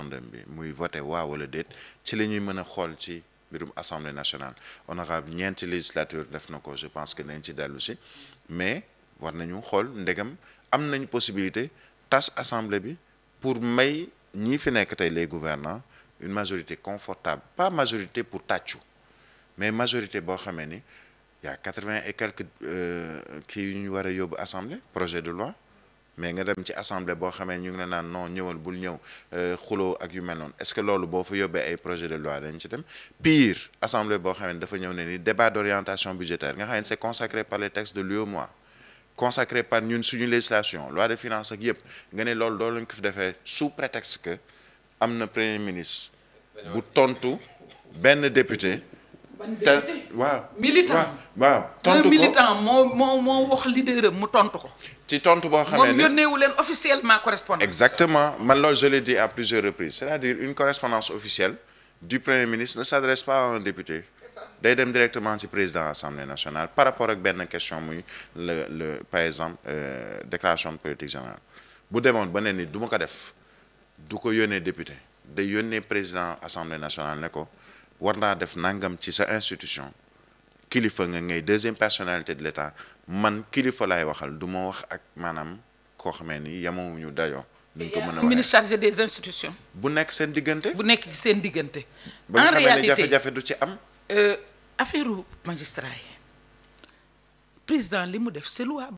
référendum bi muy voté waa wala déet ci la ñuy mën a xool ci mbirum assemblée nationale honorable ñeenti législature def na ko je pense que nañ ci dellu si mais war nañu xool ndegam am nañ possibilité tas assemblée bi pour may ñi fi nekk tey les gouvernants une majorité confortable pas majorité pour tàccu mais majorité boo xamee ni y a quatre-vingt et quelques euh, kii yu ñu war a yóbbu assemblée projet de loi mais nga dem ci assemblée boo xamee ñu ngi la naan non ñëwal bul ñëw euh, xuloo ak yu mel noonu est-ce que loolu boo fa yóbbee ay projet de loi dañ ci dem pire assemblée boo xamee dafa ñëw ne ni débat d'orientation budgétaire nga xam ne c'est consacré par les textes de mois consacré par ñun suñu législation loi de finances ak yëpp nga ne loolu loolu lañ ko fi defee sous prétexte que am na premier ministre bu tontu benn député te waaw. militant moo moo moo mu tontu ko. ci tontu boo xamee ne moom yónneewu leen officiellement exactement man loolu je l'ai dit à plusieurs reprises c'est-à-dire une correspondance officielle du premier ministre ne s'adresse pas à député. day dem directement ci président assemblée nationale par rapport ak benn question muy le le par exemple euh, déclaration de politique générale bu demoon ba ne ni du ko def du ko yónnee député day yónnee président assemblée nationale ne ko. war naa def nangam ci sa institution kilifa nga ngay deuxième personnalité de l'État man kilifa laay waxal du ma wax ak maanaam koo xamee ni yamawuñu dayoo. nuñ ko mën a ministre chargé des institutions. bu nekk seen diggante. bu nekk ci seen diggante. en réalité ba nga xamee ne jafe-jafe du ci am. Euh, affaire magistrat yi président li mu def c'est louable.